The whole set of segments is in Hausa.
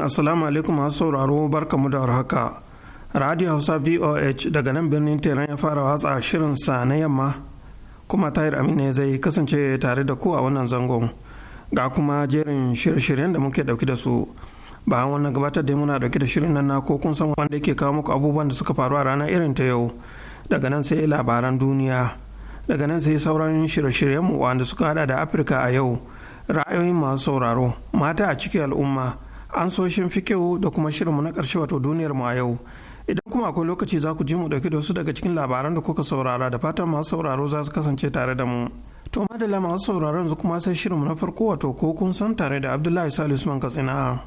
assalamu alaikum masu sauraro barkamu da haka radio hausa voh daga nan birnin teran ya fara watsa shirin sa na yamma kuma tahir amin ne zai kasance tare da ku a wannan zangon ga kuma jerin shirye-shiryen da muke dauki da su bayan wannan gabatar da muna dauki da shirin nan na ko kun san wanda yake kawo muku abubuwan da suka faru a ranar irin ta yau daga nan sai labaran duniya daga nan sai sauran shirye-shiryen mu wanda suka hada da afirka a yau ra'ayoyin masu sauraro mata a cikin al'umma an so shin fikewu da kuma shirin mu na ƙarshe wato duniyar mu a yau idan kuma akwai lokaci za ku ji mu dauki da wasu daga cikin labaran da kuka saurara da fatan masu sauraro za su kasance tare da mu to madalla masu sauraron yanzu kuma sai shirinmu na farko wato ko kun san tare da abdullahi salisu usman katsina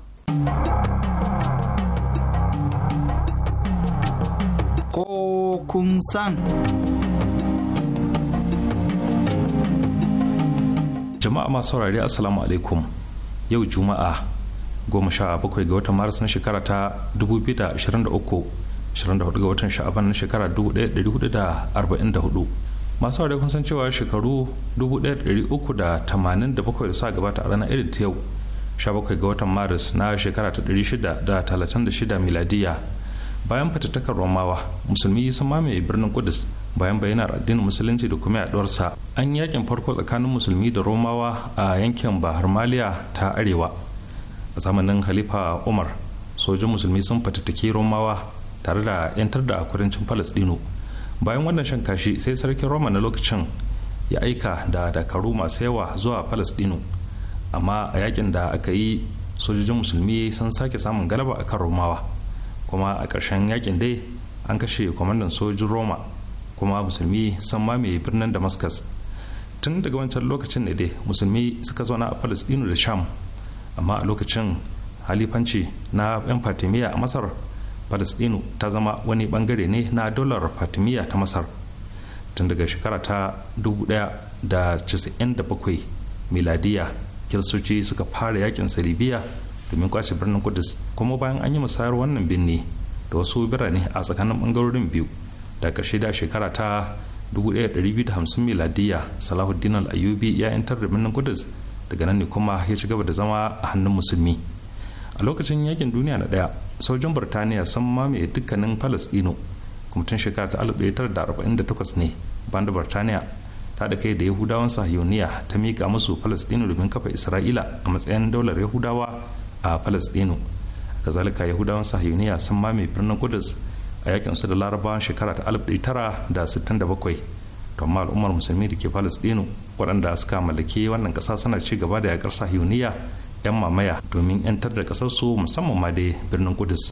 ko kun san jama'a masu saurari assalamu alaikum yau juma'a goma bakwai ga watan maris na shekara ta 2023 24 ga watan sha'aban na shekara 1444 masu wadai kun san cewa shekaru 1387 da sa gabata a ranar irin ta yau 17 ga watan maris na shekara ta 636 miladiya bayan fatattakar romawa musulmi sun mamaye birnin kudus bayan bayyanar addinin musulunci da kuma yaduwarsa an yakin farko tsakanin musulmi da romawa a yankin bahar maliya ta arewa a zamanin halifa umar sojin musulmi sun fatattaki romawa tare da 'yantar da kudancin palestino bayan wannan shan kashi sai sarkin roma na lokacin ya aika da dakaru masu yawa zuwa palestino amma a yakin da aka yi sojojin musulmi sun sake samun galaba akan romawa kuma a ƙarshen yakin dai an kashe kwamandan sojin roma kuma musulmi sun mamaye birnin damascus tun daga wancan lokacin ne dai musulmi suka zauna a palestino da sham amma a lokacin halifanci na 'yan fatimiyya a masar palestino ta zama wani bangare ne na dolar fatimiyya ta masar tun daga shekara ta 1997 miladiya kirsoci suka fara yakin salibiya domin kwashe birnin kudus kuma bayan an yi musayar wannan birni da wasu birane a tsakanin bangarorin biyu da ƙarshe da shekara ta 1250 miladiya salahuddin al-ayubi ya 'yantar da birnin kudus daga nan ne kuma ya ci gaba da zama a hannun musulmi a lokacin yakin duniya na daya sojin birtaniya sun mamaye dukkanin palestino kuma tun shekara ta 1948 ne banda birtaniya ta da kai da yahudawan sahiyoniya ta mika musu palestino domin kafa isra'ila a matsayin daular yahudawa a palestino kazalika yahudawan sahiyoniya sun mamaye birnin kudus a yakin su da larabawan shekara ta 1967 to amma al'ummar musulmi da ke palestino waɗanda suka mallake wannan ƙasa suna ci gaba da yakar sahiyuniya 'yan mamaya domin 'yantar da ƙasarsu musamman ma dai birnin kudus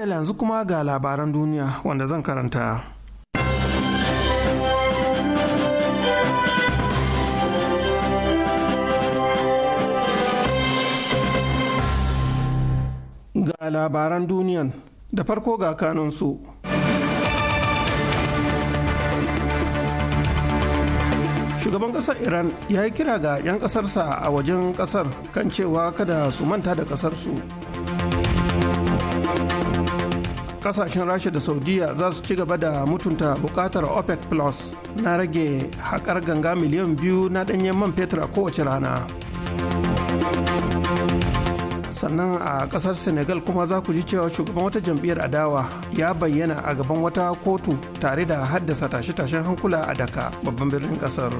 madala yanzu kuma ga labaran duniya wanda zan karanta. Ga labaran duniyan da farko ga kanunsu. shugaban ƙasar iran ya yi kira ga 'yan ƙasarsa a wajen ƙasar kan cewa kada su manta da kasarsu kasashen rasha da saudiya za su ci gaba da mutunta bukatar opec plus na rage haƙar ganga miliyan biyu na ɗanyen man fetur a kowace rana sannan a ƙasar senegal kuma za ku ji cewa shugaban wata jam'iyyar adawa ya bayyana a gaban wata kotu tare da haddasa tashe-tashen hankula a daka babban birnin ƙasar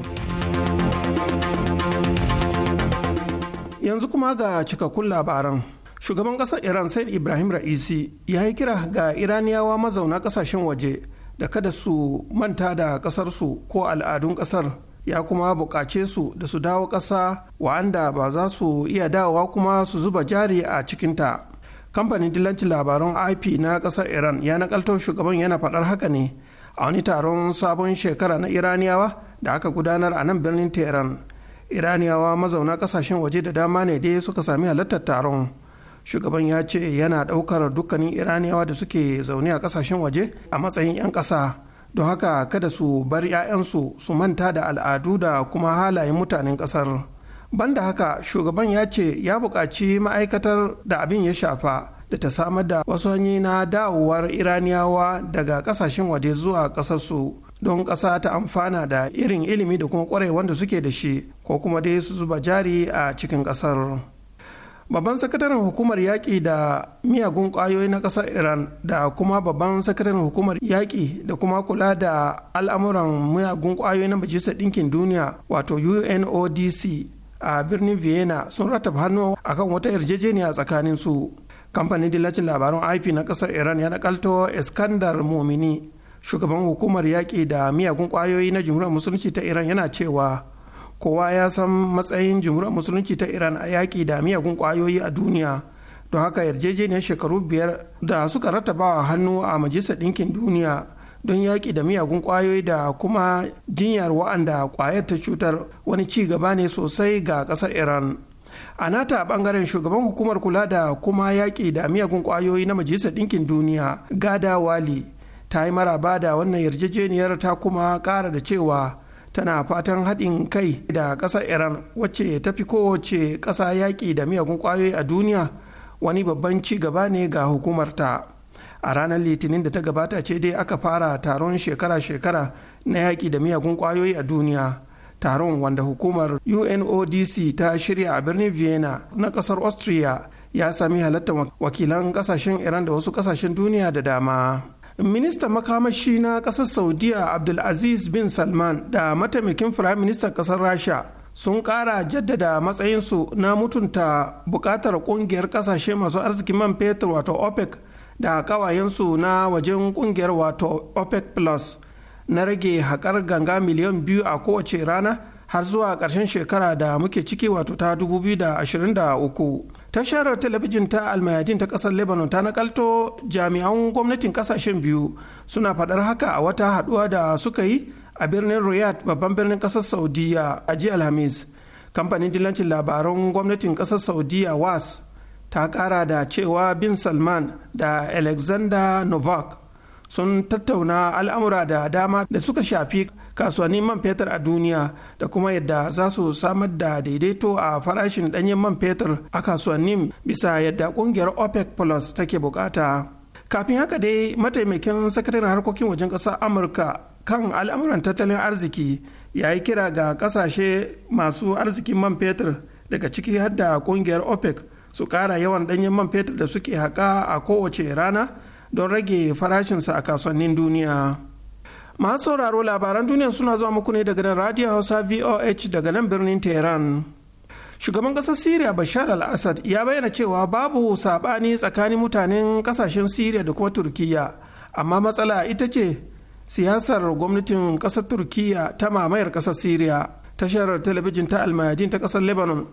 yanzu kuma ga cikakkun labaran shugaban kasar iran said ibrahim ra'isi ya yi kira ga iraniyawa mazauna kasashen waje da kada su manta da ƙasarsu ko al'adun kasar ya kuma buƙace su da su dawo ƙasa wa'anda ba za su iya dawowa kuma su zuba jari a cikinta kamfanin dillancin labaran ip na ƙasar iran ya nakalto shugaban yana faɗar haka ne a wani taron sabon shekara na iraniyawa da aka gudanar a nan birnin tehran iraniyawa mazauna ƙasashen waje da dama ne dai suka sami halartar taron shugaban ya ce yana ɗaukar dukkanin iraniyawa da suke zaune a kasashen waje a matsayin 'yan ƙasa don haka kada su bar 'ya'yansu su manta da al'adu da kuma halayen mutanen ƙasar banda haka shugaban ya ce ya buƙaci ma'aikatar da abin ya shafa da ta samar da wasu hanyoyi na dawowar iraniyawa daga kasashen waje zuwa ƙasarsu don ƙasa ta amfana da irin ilimi da kuma kwarai wanda suke da shi ko kuma dai su zuba jari a cikin ƙasar. babban sakataren hukumar yaƙi da miyagun ƙwayoyi na ƙasar iran da kuma babban sakataren hukumar yaƙi da kuma kula da al'amuran miyagun ƙwayoyi na majalisar ɗinkin duniya wato unodc a birnin vienna sun rataba hannu akan wata yarjejeniya tsakanin su kamfanin dillacin labaran ip na ƙasar iran ya nakalto iskandar momini shugaban hukumar yaƙi da miyagun ƙwayoyi na jumhuriyar musulunci ta iran yana cewa kowa ya san matsayin jamhuriyar musulunci ta iran a yaƙi da miyagun ƙwayoyi a duniya don haka yarjejeniyar shekaru biyar da suka a hannu a majalisar ɗinkin duniya don yaƙi da miyagun ƙwayoyi da kuma jinyar wa'anda ƙwayar ta cutar wani ci gaba ne sosai ga ƙasar iran a nata bangaren shugaban hukumar kula da kuma yaƙi da miyagun ƙwayoyi na majalisar ɗinkin duniya gada wali ta yi maraba da wannan yarjejeniyar ta kuma ƙara da cewa tana fatan haɗin kai da ƙasar iran wacce ta fi kowace ƙasa yaƙi da miyagun ƙwayoyi a duniya wani babban ci gaba ne ga hukumarta a ranar litinin da ta gabata ce dai aka fara taron shekara-shekara na yaƙi da miyagun ƙwayoyi a duniya taron wanda hukumar unodc ta shirya a birnin vienna na ƙasar austria ya sami halartar wakilan ƙasashen iran da wasu ƙasashen duniya da dama ministan makamashi na kasar saudiya abdulaziz bin salman da mataimakin firaministan kasar rasha sun kara jaddada matsayinsu na mutunta buƙatar ƙungiyar ƙasashe masu arzikin man fetur wato opec da ƙawayensu na wajen ƙungiyar wato opec plus na rage haƙar ganga miliyan biyu a kowace rana har zuwa ƙarshen shekara da muke ciki wato ta 2023 tasharar talabijin ta almayadin ta kasar lebanon ta nakalto jami'an gwamnatin kasashen biyu suna faɗar haka a wata haɗuwa da suka yi a birnin riyadh babban birnin kasar saudiya a jiya alhamis kamfanin dillancin labaran gwamnatin kasar saudiya was ta ƙara da cewa bin salman da alexander novak sun tattauna al'amura da dama da suka shafi kasuwannin man fetur a duniya da kuma yadda za su samar da daidaito a farashin danyen man fetur a kasuwannin bisa yadda kungiyar opec plus take bukata kafin haka dai mataimakin sakataren harkokin wajen ƙasar amurka kan al'amuran tattalin arziki ya yi kira ga kasashe masu arzikin man fetur daga ciki har da kungiyar opec su ƙara yawan danyen man fetur da suke haƙa a kowace rana don rage farashinsa a kasuwannin duniya. masu sauraro labaran duniya suna zuwa muku ne daga nan radio hausa voh daga nan birnin tehran shugaban ƙasar syria bashar al-assad ya bayyana cewa babu saɓani tsakanin mutanen ƙasashen syria da kuma turkiyya amma matsala ita ce siyasar gwamnatin ƙasar turkiyya ta mamayar ƙasar syria tashar talabijin ta almayadin ta ƙasar lebanon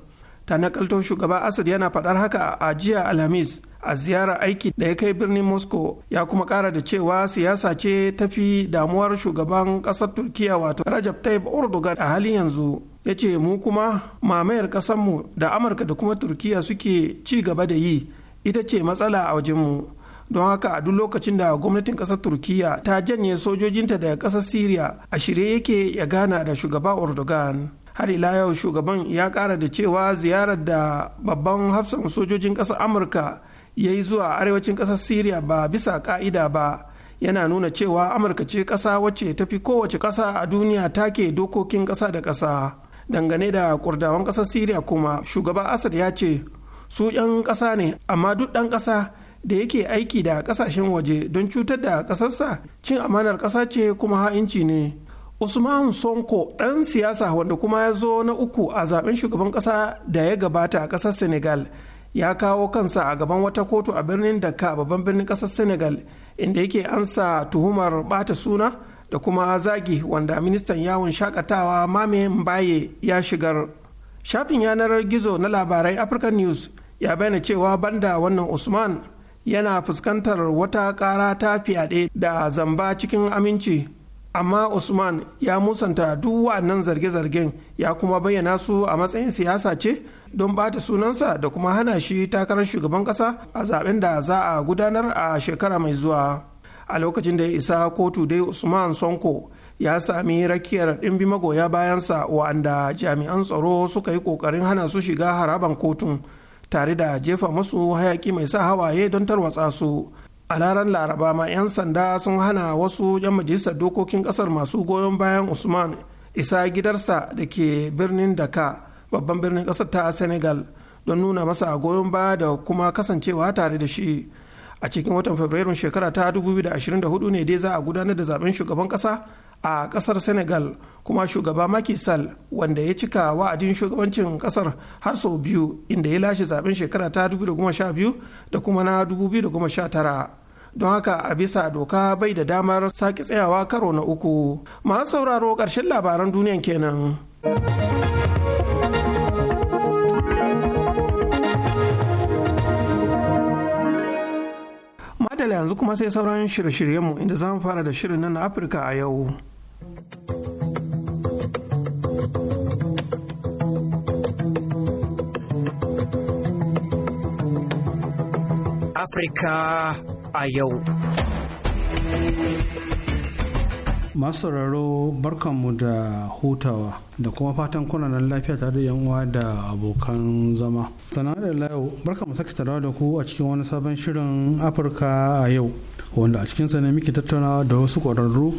ta nakalto shugaba Asad yana faɗar haka a jiya Alhamis a ziyarar aiki da ya kai birnin Moscow ya kuma ƙara da cewa siyasa ce ta fi damuwar shugaban ƙasar Turkiya wato Rajab Tayyip Erdogan a halin yanzu. ya ce mu kuma mamayar ƙasarmu da amurka da kuma turkiya suke ci gaba da yi ita ce matsala a wajenmu don haka a duk lokacin da gwamnatin ƙasar turkiya ta janye sojojinta daga ƙasar syria a shirye yake ya gana da shugaba erdogan har ila yau shugaban ya kara da cewa ziyarar da babban hafsan sojojin ƙasar amurka ya yi zuwa arewacin ƙasar syria ba bisa ka'ida ba yana nuna cewa amurka ce ƙasa wacce ta fi kowace ƙasa a duniya take dokokin ƙasa da ƙasa dangane da kurdawan ƙasar syria kuma shugaba asad ya ce su 'yan ƙasa ne amma duk ɗan ƙasa da yake aiki da ƙasashen waje don cutar da ƙasarsa cin amanar ƙasa ce kuma ha'inci ne usman sonko ɗan siyasa wanda kuma ya zo na uku a zaben shugaban ƙasa da ya gabata a ƙasar senegal ya kawo kansa a gaban wata kotu a birnin Dakar babban birnin ƙasar senegal inda yake ansa tuhumar bata suna da kuma zagi wanda ministan yawon shakatawa mame mbaye ya shigar shafin yanar gizo na labarai african news ya bayyana cewa banda wannan usman yana fuskantar wata ƙara ta fyaɗe da zamba cikin aminci amma usman ya musanta duk wa'annan zarge-zargen ya kuma bayyana su a matsayin siyasa ce don bata sunansa da kuma hana shi takarar shugaban kasa a zaben da za a gudanar a shekara mai zuwa a lokacin da ya isa kotu dai usman sonko ya sami rakiyar ɗimbi magoya bayansa wa'anda jami'an tsaro suka yi ƙoƙarin hana su shiga haraban kotun tare da jefa masu hayaki mai sa hawaye don tarwatsa su a ranar laraba ma 'yan sanda sun hana wasu 'yan majalisar dokokin kasar masu goyon bayan usman isa gidarsa da ke birnin daka babban birnin kasar ta senegal don nuna masa goyon baya da kuma kasancewa tare da shi a cikin watan fabrairun shekara ta 2024 ne dai za a gudanar da zaben shugaban kasa a kasar senegal kuma shugaba Macky wanda ya cika wa'adin shugabancin kasar har sau biyu inda ya lashe zaben shekara ta 2012 da kuma na 2019 don haka a bisa doka bai da damar sake tsayawa karo na uku masu sauraro ƙarshen labaran duniyan kenan. adala yanzu kuma sai sauran shirye-shiryenmu inda za mu fara da shirin nan na Afirka a yau. Afirka a yau. masu raro, barkanmu da hutawa da kuma fatan kunanan lafiya tare da yan uwa da abokan zama sanar da layo barkanmu sake tarawa da ku a cikin wani sabon shirin afirka a yau wanda a cikinsa ne muke tattaunawa da wasu ƙwararru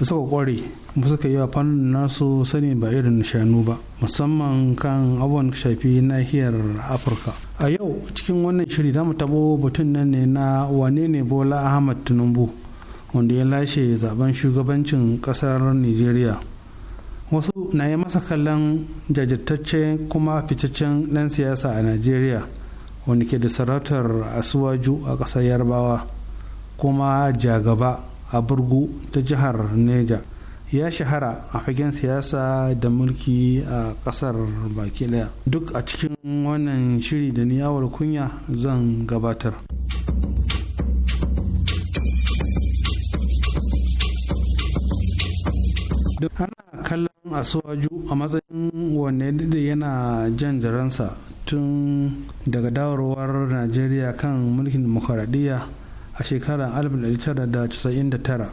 da suka kware kuma suka yi wa fannin nasu sani ba irin shanu ba musamman kan abubuwan shafi nahiyar afirka a yau cikin wannan shiri za mu tabo batun nan ne na wane ne bola ahmad tinubu wanda ya lashe zaben shugabancin kasar nigeria wasu na yi masa kallon jajirtacce kuma fitaccen ɗan siyasa a nigeria wanda ke da sarautar asuwaju a ƙasar yarbawa kuma jagaba a burgu ta jihar neja ya shahara a fagen siyasa da mulki a ƙasar baki ɗaya duk a cikin wannan shiri da ni kunya zan gabatar. duk ana kallon asuwaju a matsayin wanne da yana jan jaransa tun daga dawarwar najeriya kan mulkin demokaradiyya a shekarar 1999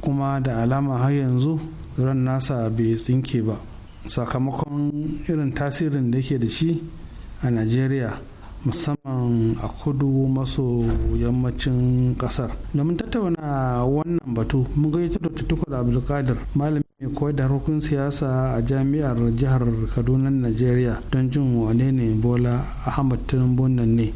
kuma da alama har yanzu ran nasa bai tsinke ba sakamakon irin tasirin da ke da shi a najeriya musamman a kudu maso yammacin kasar mun tattauna wannan batu mun gaito da tutukur abdulkadir malami mai koyar da harkokin siyasa a jami'ar jihar kaduna nigeria don jin wane ne bola ahmad tinubu nan ne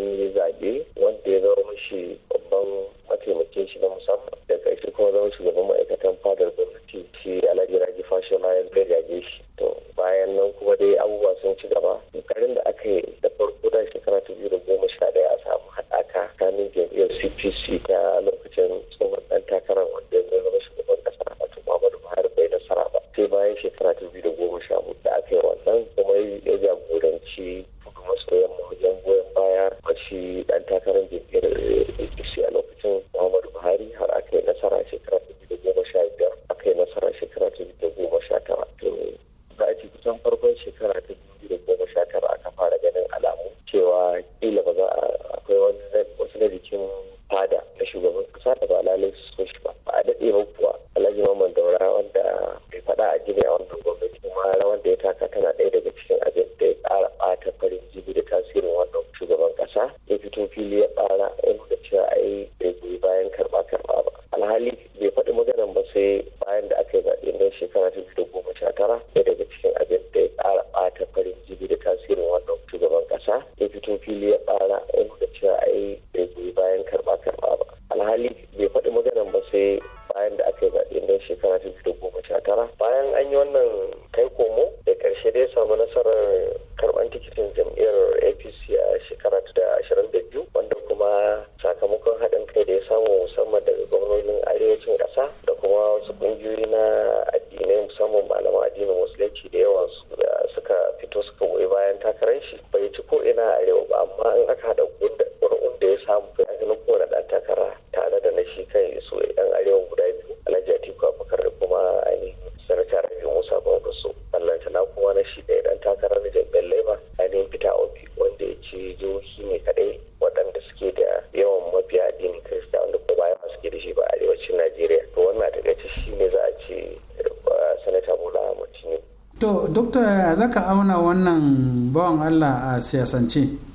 yi zaɓe wanda ya zama mashi babban mataimakin shi na musamman da ƙarfi kuma zama gaban ma'aikatan fadar gwamnati shi alhaji raji ma ya zai gaje shi to bayan nan kuma dai abubuwa sun ci gaba shi ɗaya ɗan takarar da jam'iyyar labour ainihin peter obi wanda ya ce jihohi ne kaɗai waɗanda suke da yawan mabiya addinin kirista wanda ko baya ke da shi ba arewacin najeriya to wannan a shi ne za a ce eh, sanata bola mutum tinubu To, Dokta, zaka auna wannan bawan Allah a siyasance?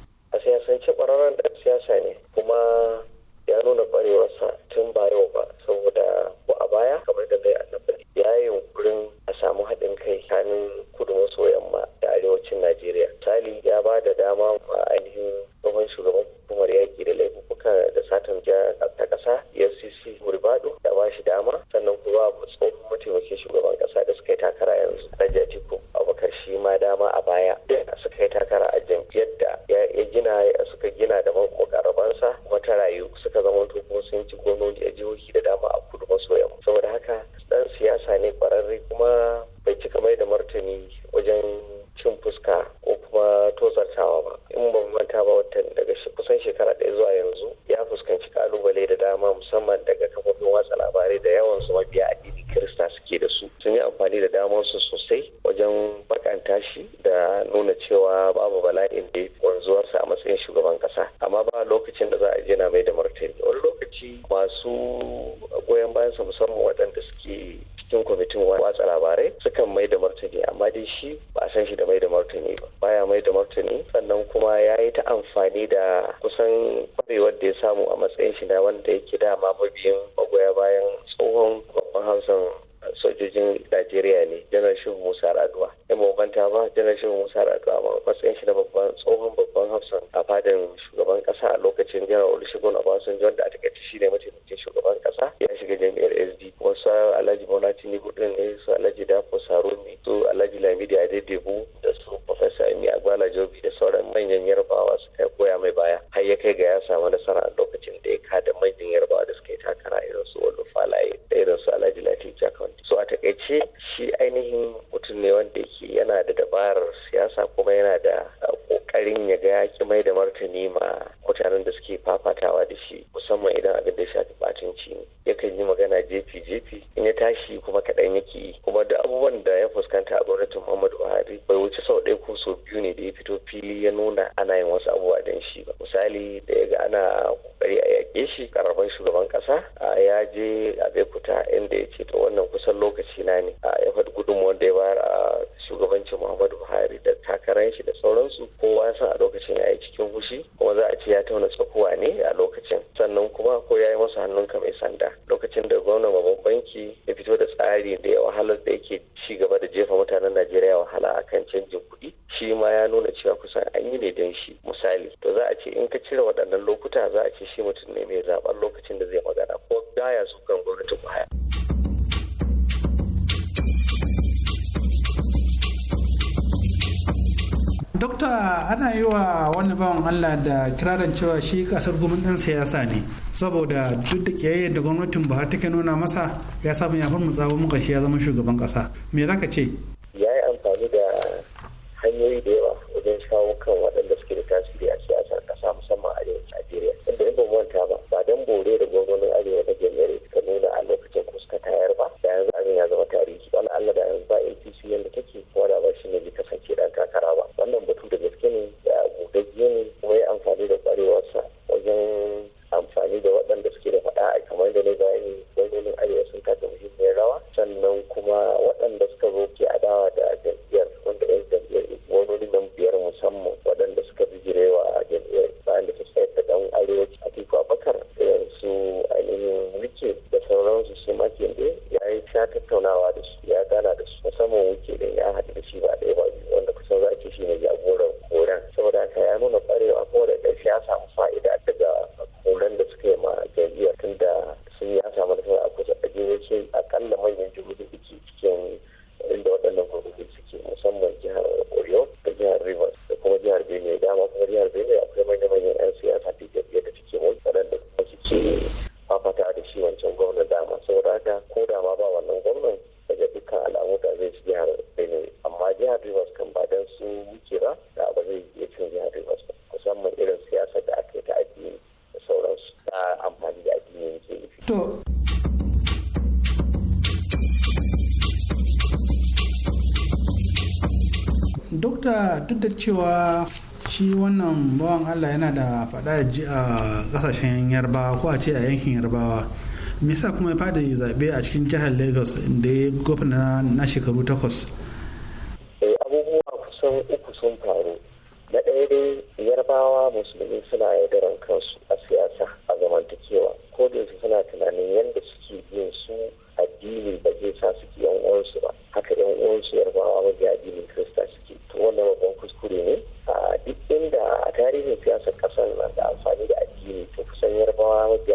ƙasa a lokacin jiran olusegun obasanjo cewa shi kasar gumin dan siyasa ne saboda duk da kiyaye da gwamnatin ba ta ke nuna masa ya samu ya mu muka shi ya zama shugaban ƙasa me zaka ce da cewa shi wannan bawan allah yana da faɗa ji a kasashen yarbawa ko a ce a yankin yarbawa me yasa kuma ya fada zaɓe a cikin jihar lagos da ya gwamna na shekaru takwas يشوف سيارة معاه ودي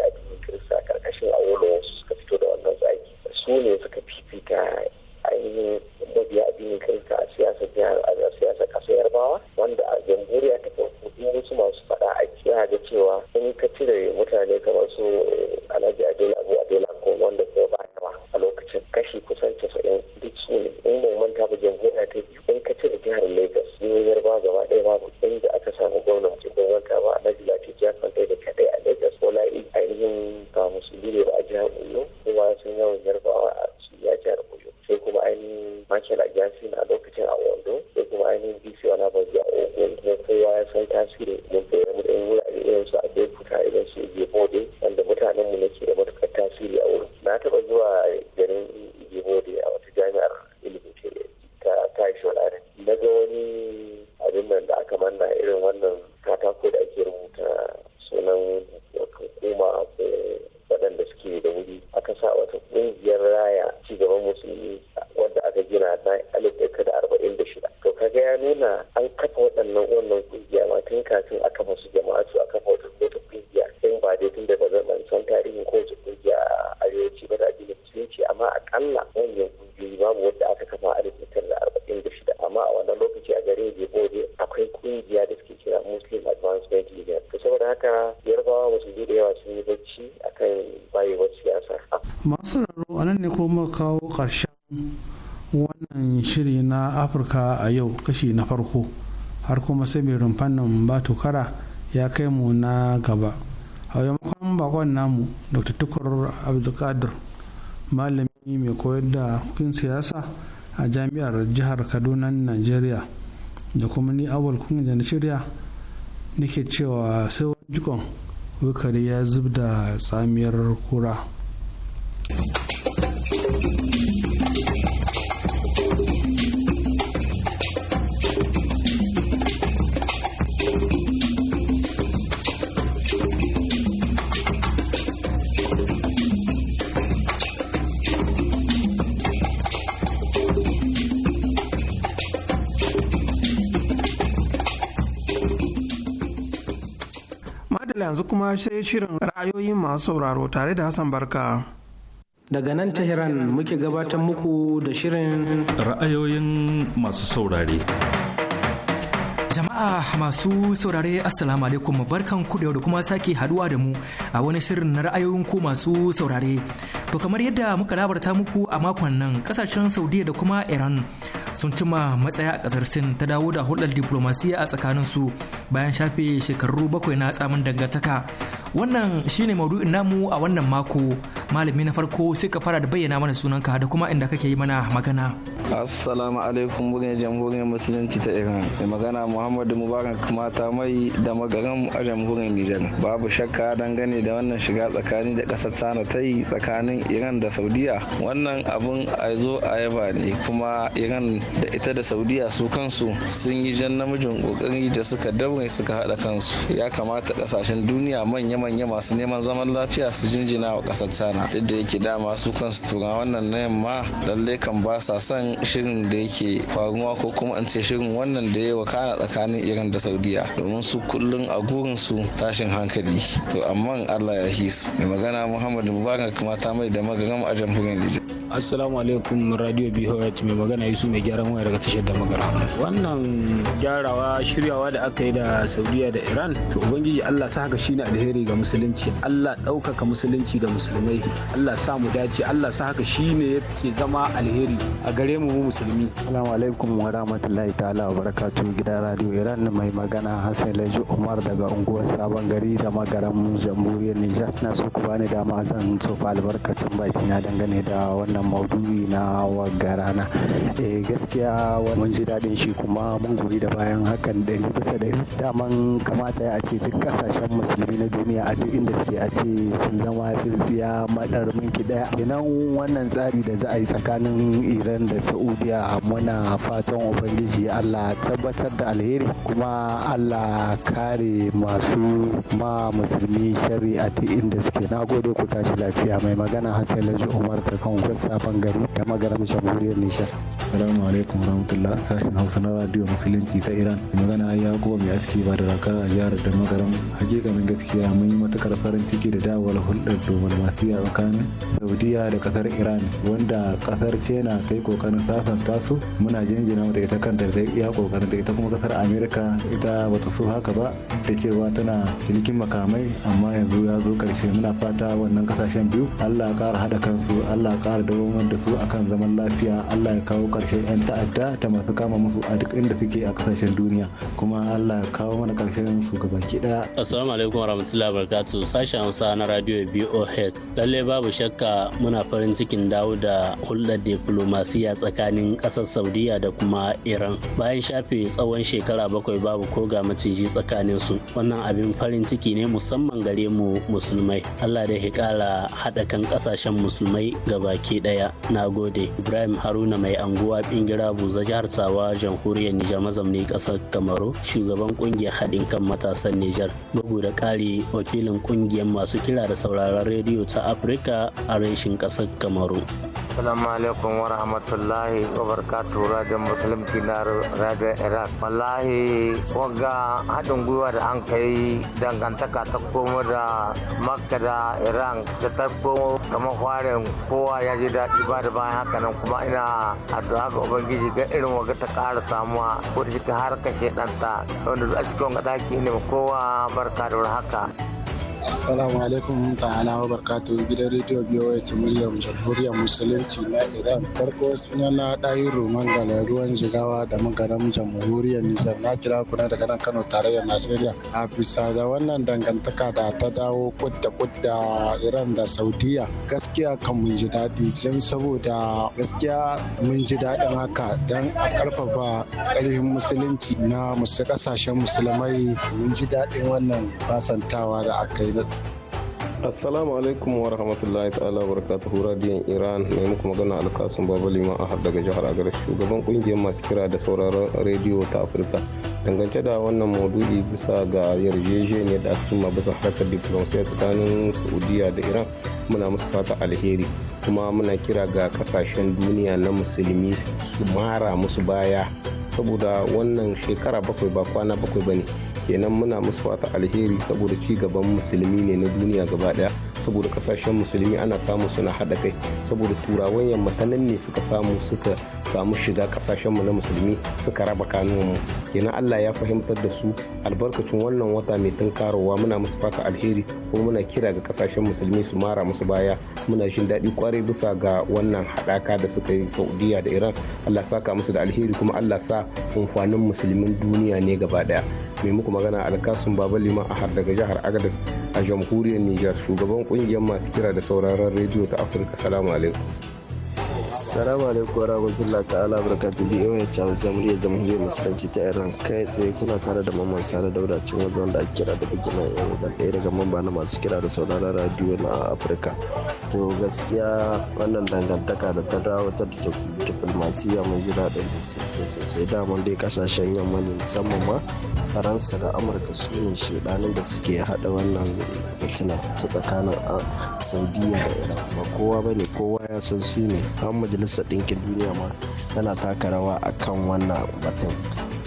afirka a yau kashi na farko har kuma sai mai ba batukara ya kai mu na gaba a yamakon bakon namu dr tukur abdulkadir malami mai koyar da kun siyasa a jami'ar jihar kaduna nigeria da kuma ni awal kun da na shirya nake cewa sai wani jikon wukari ya zub da tsamiyar kura. yanzu kuma sai shirin ra'ayoyin masu sauraro tare da Hassan Barka. Daga nan Tehran muke gabatar muku da shirin ra'ayoyin masu saurare. Jama'a masu saurare Assalamu alaikum barkan ku da kuma sake haduwa da mu a wani shirin na ra'ayoyin ku masu saurare. To kamar yadda muka labarta muku a makon nan kasashen Saudiya da kuma Iran sun cima matsaya a kasar Sin ta dawo da hulɗar diplomasiya a tsakanin su bayan shafe shekaru bakwai na tsamin dangantaka. Wannan shine maudu'in namu a wannan mako. Malami na farko sai ka fara da bayyana mana sunan ka da kuma inda kake yi mana magana. Assalamu alaikum bugun jamhuriyar musulunci ta Iran. a magana Muhammad Muhammadu Mubarak mata mai da magaram a jamhuriyar Nijar. Babu shakka dangane da wannan shiga tsakani da ƙasar sana ta yi tsakanin Iran da Saudiya. Wannan abun a zo a yaba ne kuma Iran da ita da Saudiya su kansu sun yi jan namijin kokari da suka daure suka haɗa kansu. Ya kamata ƙasashen duniya manya-manya masu neman zaman lafiya su jinjina wa ƙasar sana. Duk da yake dama su kansu tura wannan na yamma lallai kan ba sa son shirin da yake faruwa ko kuma an ce shirin wannan da ya wakana tsakanin tsakanin iran da saudiya domin su kullun a gurin su tashin hankali to amma allah ya hisu mai magana Muhammadu mubarak mata mai da magaram a jamhuriyar nijar assalamu alaikum radio bhot mai magana yi su mai gyaran waya daga tashar da magana wannan gyarawa shiryawa da aka yi da saudiya da iran to ubangiji allah sa haka shine alheri ga musulunci allah ɗaukaka musulunci ga musulmai allah sa mu dace allah sa haka shine yake zama alheri a gare mu mu musulmi assalamu alaikum wa rahmatullahi ta'ala wa barakatuh gidan radio iran mai magana hassan laji umar daga unguwar sabon gari da magaran jamhuriyar nijar na so ku bani dama zan tsofa albarkacin baki na dangane da wannan wannan maudu'i na wagga rana eh gaskiya mun ji daɗin shi kuma mun goyi da bayan hakan ɗari bisa ɗari daman kamata ya ce duk ƙasashen musulmi na duniya a duk inda suke a ce sun zama tsintsiya maɗar minki ɗaya kenan wannan tsari da za a yi tsakanin iran da saudiya muna fatan ubangiji allah tabbatar da alheri kuma allah kare masu ma musulmi shari'a duk inda suke na gode ku tashi lafiya mai magana hassan laji umar ta kan sabon gari da magaram jamhuriyar nishar. Assalamu alaikum warahmatullah sashen Hausa na radio musulunci ta Iran. Magana ya kuma mai aski ba da raka a jihar da magaram. Hakikanin gaskiya mun yi matukar farin ciki da dawowar hulɗar domalmasiya tsakanin Saudiya da kasar Iran wanda kasar China ta yi kokarin sasanta su muna jinjina mata ita kanta da ya kokarin da ita kuma kasar Amerika ita bata so haka ba da cewa tana cikin makamai amma yanzu ya zo karshe muna fata wannan kasashen biyu Allah ya kara haɗa kansu Allah ya kara dawamar da su akan zaman lafiya allah ya kawo karshen 'yan ta'adda ta masu kama musu a duk inda suke a kasashen duniya kuma allah ya kawo mana karshen su gabaki daya assalamu alaikum warahmatullahi wabarakatuh sashen hausa na radio boh lalle babu shakka muna farin cikin dawo da hulɗar diplomasiya tsakanin ƙasar saudiya da kuma iran bayan shafe tsawon shekara bakwai babu ko ga maciji tsakanin su wannan abin farin ciki ne musamman gare mu musulmai allah da ya ƙara haɗa kan ƙasashen musulmai gabaki ɗaya daya na gode ibrahim haruna mai anguwa bingira buza jihar tsawa jamhuriyar nijar mazamni kasar kamaru shugaban ƙungiyar haɗin kan matasan nijar bugu da ƙari wakilin ƙungiyar masu kira da sauraron rediyo ta afirka a reshin kasar kamaru salamu alaikum wa rahmatullahi wa barakatuhu rajin Muslim Dinar rajin Iraq. Wallahi wagga haɗin gwiwa da an kai dangantaka ta komo da Makka da Iran da ta komo kamar kwarin kowa ya ji daɗi ba da bayan haka nan kuma ina addu'a ga ubangiji ga irin waga ta ƙara samuwa ko da jika har kashe ɗanta wanda a cikin ɗaki ne kowa barka da haka. Assalamu alaikum ta'ala wa barkatu gidan rediyo BOA ta muryar jamhuriyar musulunci na Iran. Farko suna na ɗayin Roman da ruwan jigawa da magaran jamhuriyar Nijar na kira kuna daga nan Kano tarayyar Najeriya. A bisa da wannan dangantaka da ta dawo kudda kudda Iran da Saudiyya. gaskiya kan mun ji daɗi don saboda gaskiya mun ji daɗin haka don a ƙarfafa ƙarfin musulunci na musu ƙasashen musulmai mun ji daɗin wannan sasantawa da aka yi assalamu alaikum wa rahmatullahi ta'ala wa barakatuhu radiyon iran mai muku magana alkasun baba liman ahar daga jihar agar shugaban kungiyar masu kira da sauraron rediyo ta afirka dangance da wannan maudu'i bisa ga yarjejeniyar da aka cimma bisa harkar diplomasiya tsakanin saudiya da iran muna musu fata alheri kuma muna kira ga kasashen duniya na musulmi su mara musu baya saboda wannan shekara bakwai ba kwana bakwai ba ne kenan muna musu fata alheri saboda ci gaban musulmi ne na duniya gaba daya saboda kasashen musulmi ana samu suna haɗa kai saboda turawan yamma ta nan ne suka samu suka samu shiga kasashenmu na musulmi suka raba kanunmu kenan allah ya fahimtar da su albarkacin wannan wata mai tunkarowa muna musu fata alheri kuma muna kira ga kasashen musulmi su mara musu baya muna jin daɗi kwarai bisa ga wannan haɗaka da suka yi saudiya da iran allah saka musu da alheri kuma allah sa amfanin musulmin duniya ne gaba ɗaya mai muku magana alkasun baba liman ahar daga jihar agadas a jamhuriyar niger shugaban kungiyar masu kira da sauraron rediyo ta afirka salamu alaikum Salamu alaikum warahmatullahi ta'ala barakatuh bi yau ya tawo zamuriya jamhuriyar musulunci ta Iran kai tsaye kuna tare da mamman Sani daura cin wajen wanda ake kira da na yau da ɗaya daga mamba na masu kira da sauraron radiyo na Afirka. To gaskiya wannan dangantaka da ta dawo ta diplomasiya mun ji daɗin ji sosai sosai daman dai kasashen yamma ne musamman ma Faransa da Amurka su ne shedanin da suke haɗa wannan ta tsakanin ah, Saudiya da Iran ba kowa bane kowa ya san su ne majalisar ɗinkin duniya ma tana taka rawa a kan wannan batun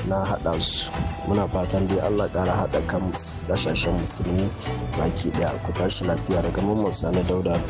na haɗa su muna fatan dai allah kara haɗa kan ƙasashen musulmi baki ɗaya ku tashi lafiya daga mamman sani dauda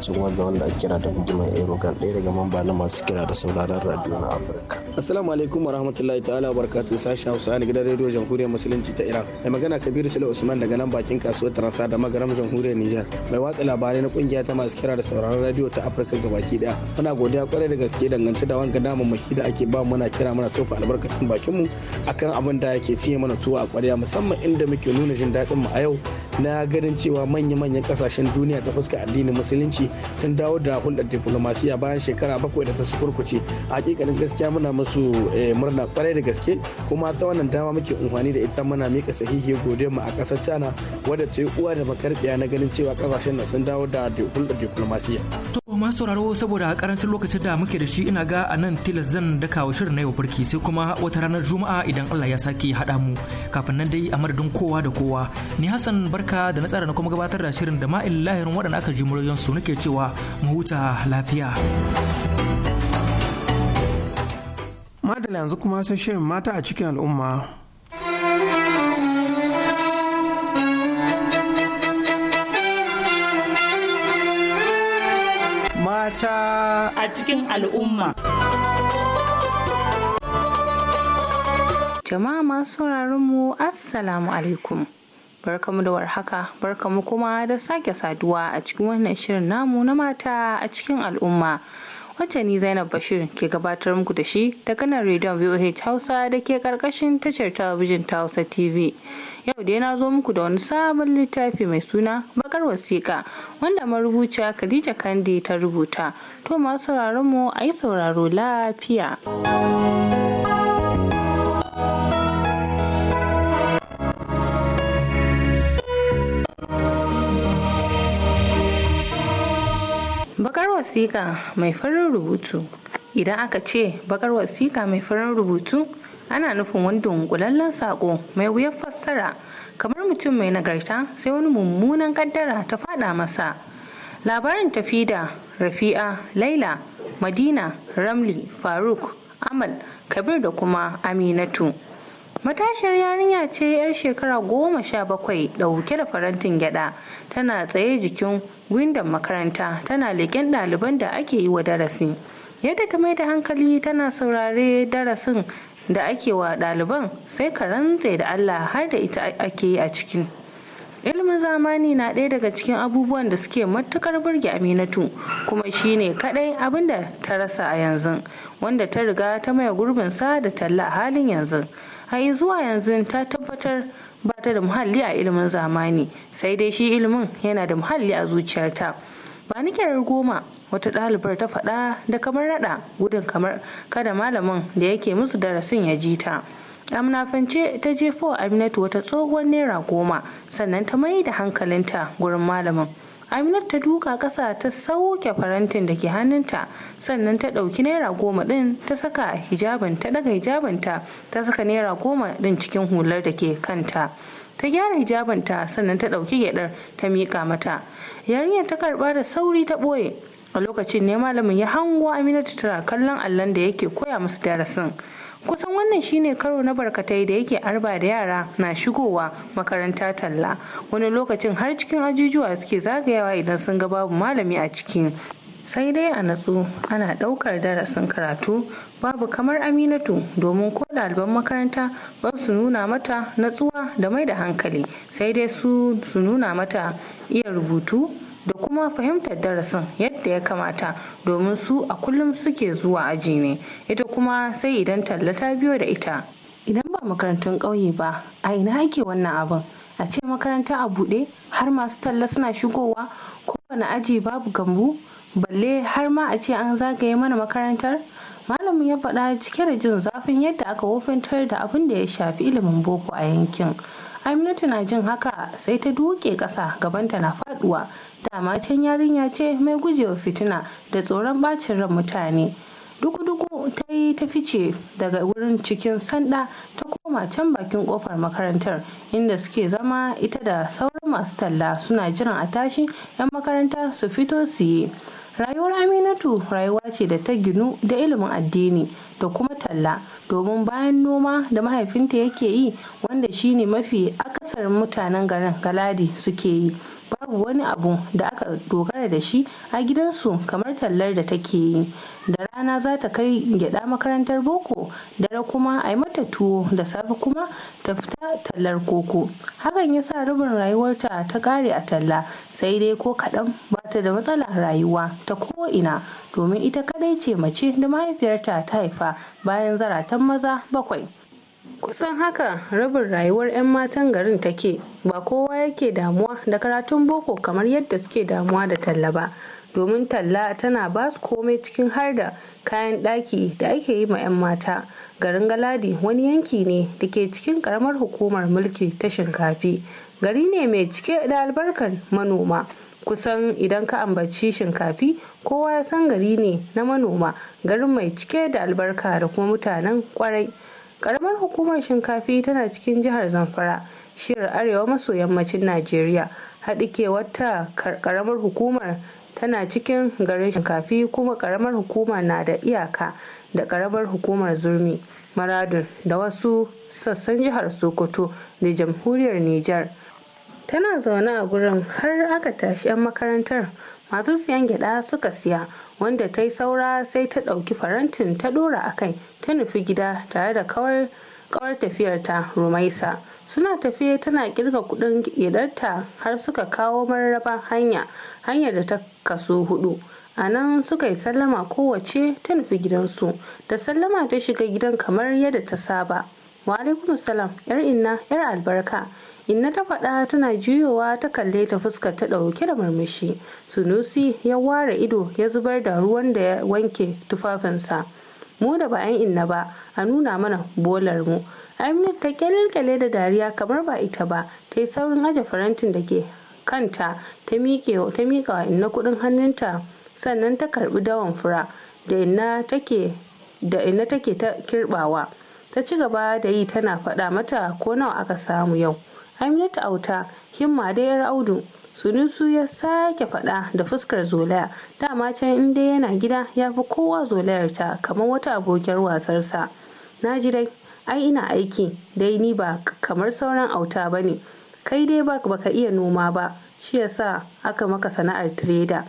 sun wanda wanda ake kira da bugiman erogan ɗaya daga mamba na masu kira da sauraron radio na afirka assalamu alaikum warahmatullahi ta'ala wa barakatuhu sashen hausa a gidan rediyo jamhuriyar musulunci ta iran mai magana kabiru sule usman daga nan bakin kasuwar tarasa da magaram jamhuriyar nijar mai watsa labarai na kungiya ta masu kira da sauraron radio ta afirka baki daya muna godiya kwarai da gaske dangance da wanga damammaki da ake ba muna kira muna tofa albarkacin bakinmu akan abin da ke cinye mana tuwo a kwarya musamman inda muke nuna jin daɗin mu a yau na ganin cewa manya-manyan kasashen duniya ta fuska addinin musulunci sun dawo da hulɗar diplomasiya bayan shekara bakwai da ta su kurkuce a hakikalin gaskiya muna musu eh, murna kwarai da gaske kuma ta wannan dama muke amfani da ita muna mika sahihi gode mu a ƙasar China wadda ta yi uwa da makarbiya na ganin cewa kasashen na sun dawo da hulɗar diplomasiya. masu sauraro saboda karancin lokacin da muke da shi ina ga a nan tilas zan daka wa shirin na yau barki sai kuma wata ranar juma'a idan Allah ya sake haɗa mu kafin nan dai a madadin kowa da kowa ni Hassan barka da na tsara na kuma gabatar da shirin da ma'il lahirin waɗanda aka ji muryoyin su nake cewa mu huta lafiya. Madalla yanzu kuma sai shirin mata a cikin al'umma. mata a cikin al'umma. Jama'a masu mu Assalamu alaikum. Barkamu da warhaka, barkamu kuma da sake saduwa a cikin wannan shirin namu na mata a cikin al'umma. Wacce ni Zainab Bashir ke gabatar muku da shi ta kanar rediyon VOH Hausa da ke karkashin tashar talabijin ta Hausa TV. yau dai na zo muku da wani sabon littafi mai suna bakar wasiƙa wanda marubuciya khadija kandi ta rubuta to masu sauraron mu a yi sauraro lafiya bakar wasiƙa mai farin rubutu idan aka ce bakar wasiƙa mai farin rubutu ana nufin wani dunkulallen sako mai wuyar fassara kamar mutum mai nagarta sai wani mummunan kaddara ta fada masa labarin tafida rafi'a laila madina ramli faruk amal kabir da kuma aminatu matashiyar yarinya ce 'yar shekara goma sha bakwai dauke da farantin gyada tana tsaye jikin windon makaranta tana leƙen ɗaliban da ake yi wa darasi yadda ta mai da hankali tana saurare darasin da ake wa ɗaliban sai ka rantse da Allah har da ita ake yi a cikin. Ilimin zamani na ɗaya daga cikin abubuwan da suke matukar burge Aminatu kuma shi ne kaɗai abin da ta rasa a yanzu wanda ta riga ta maye gurbin sa da talla a halin yanzu. Hai zuwa yanzu ta tabbatar ba ta da muhalli a ilimin zamani sai dai shi ilimin yana da muhalli a zuciyarta. Ba ni goma wata ɗalibar ta faɗa da kamar raɗa gudun kamar kada malamin da yake musu darasin ya ji ta amnafance ta jefa wa aminatu wata tsohuwar naira goma sannan ta mai da hankalinta gurin malamin aminatu ta duka ƙasa ta sauke farantin da ke hannunta sannan ta ɗauki naira goma ɗin ta saka hijabin ta daga hijabinta ta saka naira goma ɗin cikin hular da ke kanta ta gyara hijabinta sannan ta ɗauki gyaɗar ta miƙa mata yarinyar ta karɓa da sauri ta ɓoye a lokacin ne malamin ya hango aminatu tana kallon allon da yake koya musu darasin kusan wannan shine karo na barkatai da yake arba da yara na shigowa makaranta talla wani lokacin har cikin ajujuwa suke zagayawa idan sun ga babu malami a ciki sai dai a natsu ana ɗaukar darasin karatu babu kamar aminatu domin ko ɗaliban makaranta babu su nuna mata natsuwa da mai da hankali sai dai su nuna mata iya rubutu da kuma fahimtar darasin yadda ya kamata domin su a kullum suke zuwa aji ne ita kuma sai idan talla ta biyo da ita idan ba makarantun ƙauye ba a ina ake wannan abin a ce makaranta a buɗe har masu talla suna shigowa kowane aji babu gambu balle har ma a ce an zagaye mana makarantar malamin ya faɗa cike da jin zafin yadda aka wofintar da abin da ya shafi ilimin boko a yankin aminatu na jin haka sai ta duke ƙasa gabanta na faɗuwa dama can yarinya ce mai gujewa fitina da tsoron bacin ran mutane duku-duku ta yi ta fice daga wurin cikin sanda ta koma can bakin kofar makarantar inda suke zama ita da sauran masu talla suna jiran a tashi 'yan makaranta su fito su yi rayuwar aminatu rayuwa ce da ta ginu da ilimin addini da kuma talla domin bayan noma da mahaifinta yake yi wanda shine mafi akasar mutanen garin galadi suke yi babu wani abu da aka dogara da shi a gidansu kamar tallar da take yi da rana za ta kai gyada makarantar boko dare kuma a yi mata tuwo da safe kuma ta fita tallar koko hakan ya sa rubin rayuwarta ta kare a talla sai dai ko kaɗan ba ta da matsala rayuwa ta ko'ina domin ita kadai ce mace da mahaifiyarta ta haifa bayan zaratan maza bakwai kusan haka rabin rayuwar 'yan matan garin take ba kowa yake damuwa da karatun boko kamar yadda suke damuwa da talla ba domin talla tana ba su komai cikin har da kayan ɗaki da ake yi ma 'yan mata garin galadi wani yanki ne da ke cikin karamar hukumar mulki ta shinkafi gari ne mai cike da albarkar manoma kusan idan ka ambaci shinkafi kowa ya san gari ne na manoma garin mai cike da albarka da kuma mutanen kwarai karamar hukumar shinkafi tana cikin jihar zamfara shirar arewa maso yammacin najeriya Haɗike wata karamar hukumar tana cikin garin shinkafi kuma karamar hukumar na da iyaka da karamar hukumar zurmi maradun da wasu sassan jihar sokoto da jamhuriyar nijar tana zaune a gurin har aka tashi 'yan makarantar masu siyan gyada suka siya wanda ta yi saura sai ta ɗauki farantin ta ɗora a kai ta nufi gida tare da kawar kawar tafiyarta rumaisa suna tafiya tana kirga kudin gidarta har suka kawo mararraba hanya hanyar da ta kaso hudu a nan suka yi sallama kowace ta nufi gidansu da sallama ta shiga gidan kamar yadda ta saba wa salam yar inna yar albarka inna ta faɗa tana juyowa ta kalle ta fuska ta ɗauke da murmushi sunusi ya ware ido ya zubar da ruwan da ya wanke tufafinsa mu da bayan inna ba a nuna mana bolar mu aminat ta kyalkyale da dariya kamar ba ita ba ta yi saurin aje farantin da ke kanta ta miƙa wa inna kuɗin hannunta sannan ta karɓi dawan fura da inna take da inna take ta kirɓawa ta ci gaba da yi tana faɗa mata ko nawa aka samu yau Aminatu auta himma da yar audu sunusu ya sake fada da fuskar zolaya dama can inda yana gida ya fi kowa zolayar ta kamar wata abokiyar wasarsa na ji dai ai ina aiki dai ni ba kamar sauran auta ba ne kai dai ba baka iya noma ba shi ya sa aka maka sana'ar tireda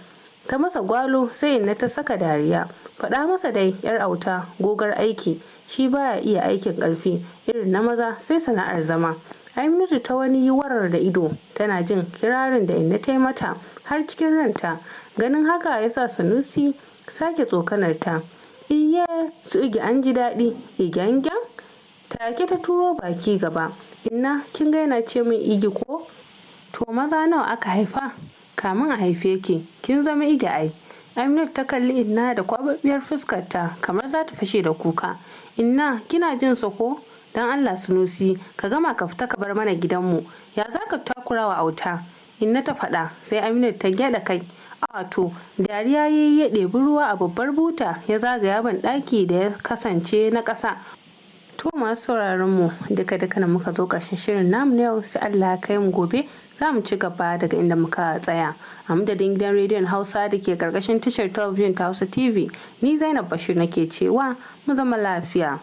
ta masa gwalo sai na ta saka dariya faɗa masa dai yar auta gogar aiki shi baya iya aikin ƙarfi irin na maza sai sana'ar zama Aminatu ta wani warar da ido tana jin kirarin da inna ta mata har cikin ranta ganin haka ya sa Sanusi sake tsokanar ta. Iye su igi an ji daɗi igyangen take ta turo baki gaba inna kin ga yana ce min igi ko to maza nawa aka haifa kamin a haife ki kin zama igi ai Aminat ta kalli Inna da kwababbiyar fuskarta kamar za ta fashe da kuka. Inna kina jin ko? don allah sunusi ka gama ka fita ka bar mana gidanmu ya za ka takurawa auta in na ta faɗa sai aminu ta gyaɗa kai wato dariya ya yi ya ɗebi ruwa a babbar buta ya zagaya ban ɗaki da ya kasance na ƙasa to masu sauraron mu duka duka na muka zo ƙarshen shirin namu na yau sai allah kai mu gobe za mu ci gaba daga inda muka tsaya a madadin gidan rediyon hausa da ke karkashin tashar talabijin ta hausa tv ni zainab bashir nake cewa mu zama lafiya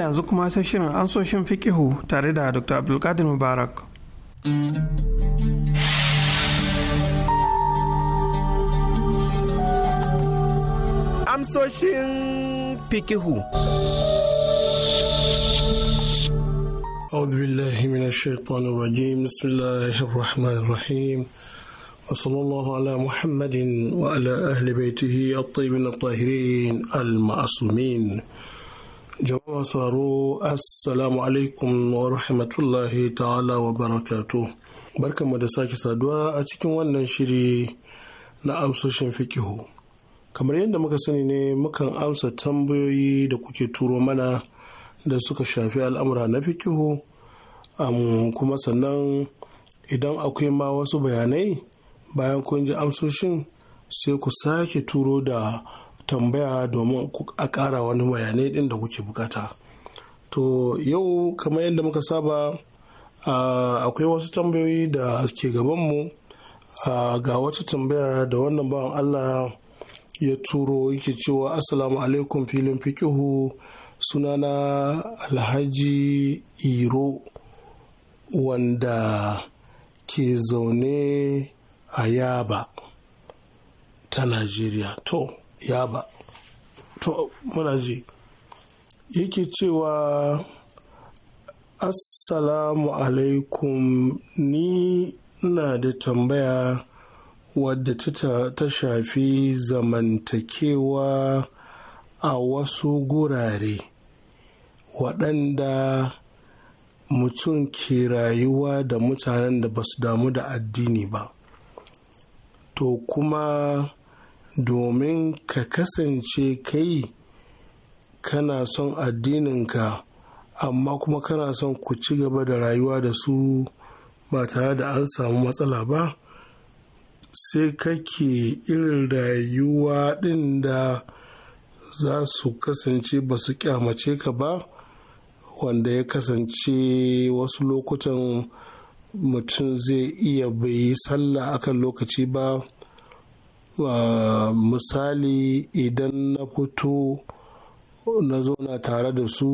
yanzu kuma sai shirin an so shin fikihu tare da Dr. Abdulkadir Mubarak. Amsoshin fikihu. أعوذ بالله من الشيطان الرجيم بسم الله الرحمن الرحيم وصلى الله على محمد وعلى أهل بيته الطيبين الطاهرين المعصومين jama'a sauraro assalamu alaikum wa rahmatullahi ta'ala wa barakatu barkanmu da sake saduwa a cikin wannan shiri na amsoshin fikihu kamar yadda muka sani ne mukan amsa tambayoyi da kuke turo mana da suka shafi al'amura na fikihu kuma sannan idan akwai ma wasu bayanai bayan kun ji amsoshin sai ku sake turo da tambaya domin a ƙara wani bayanai ɗin da kuke bukata to yau kamar yadda muka saba akwai wasu tambayoyi da ke gabanmu ga wata tambaya da wannan bawan allah ya turo yake cewa assalamu alaikum filin fikihu sunana alhaji iro wanda ke zaune a yaba ta najeriya to ya ba to muna ji yake cewa assalamu alaikum ni na da tambaya wadda ta shafi zamantakewa a wasu gurare waɗanda mutum ke rayuwa da mutanen da ba su damu da addini ba to kuma domin ka kasance kai kana son addininka amma kuma kana son ku ci gaba da rayuwa da su ba tare da an samu matsala ba sai kake irin rayuwa ɗin da za su kasance ba su kyamace ka ba wanda ya kasance wasu lokutan mutum zai iya bai sallah akan lokaci ba misali idan na fito na zauna tare da su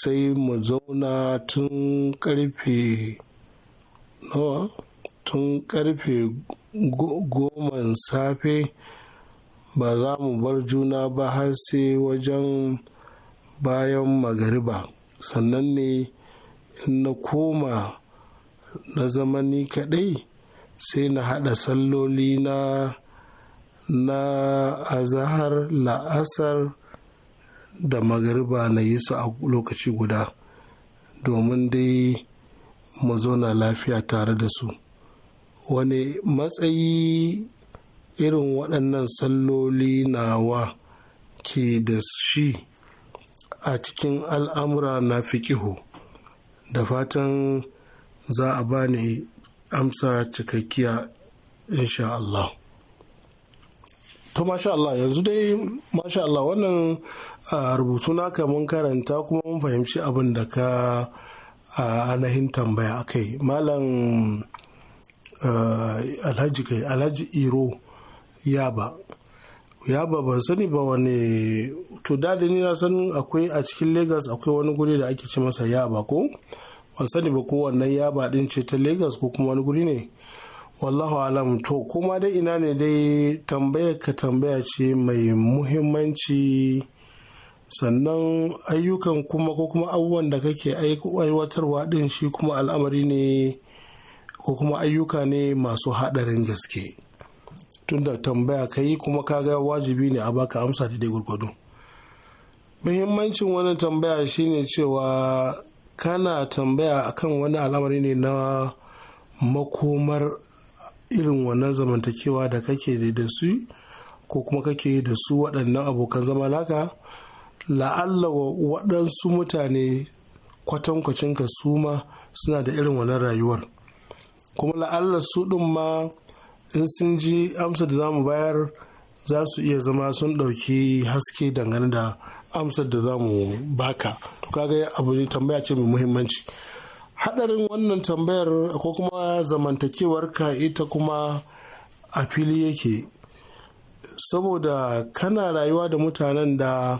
sai mu zauna tun karfe nawa tun karfe goman safe ba za mu bar juna ba har sai wajen bayan magariba sannan ne na koma na zama ni kaɗai sai na haɗa salloli na na azahar la'asar da magariba na yi su a lokaci guda domin dai mu zauna lafiya tare da su wani matsayi irin waɗannan salloli nawa ke da shi a cikin al'amura na fikihu da fatan za a bani amsa cikakkiya insha Allah. To masha Allah yanzu dai masha Allah wannan rubutu naka mun karanta kuma mun fahimci abin da ka anahin tambaya akai malam alhaji kai alhaji iro yaba yaba ban sani ba wani to dadi ni na san akwai a cikin lagos akwai wani guri da ake ci masa yaba ko ban sani ba ko wannan yaba din ce ta lagos ko kuma wani guri ne wallahu alam to kuma dai ina ne dai tambayar ka tambaya ce mai muhimmanci sannan ayyukan kuma ko kuma abubuwan da kake aiwatarwa din shi kuma al'amari ne ko kuma ayyuka ne masu haɗarin gaske tunda tambaya ka yi kuma ga wajibi ne a baka amsa da dai gurgudu muhimmancin wannan tambaya shine cewa kana tambaya akan wani al'amari ne na makomar irin wannan zamantakewa da kake da su ko kuma kake da su waɗannan abokan zama naka la'alla waɗansu mutane kwatankwacinka su ma suna da irin wannan rayuwar kuma la'alla su ɗin ma in sun ji amsa da za mu bayar za su iya zama sun ɗauki haske dangane da amsar da za mu baka to kaga abu ne tambaya ce mai muhimmanci hadarin wannan tambayar ko kuma zamantakewar ka ita kuma a fili yake saboda kana rayuwa da mutanen da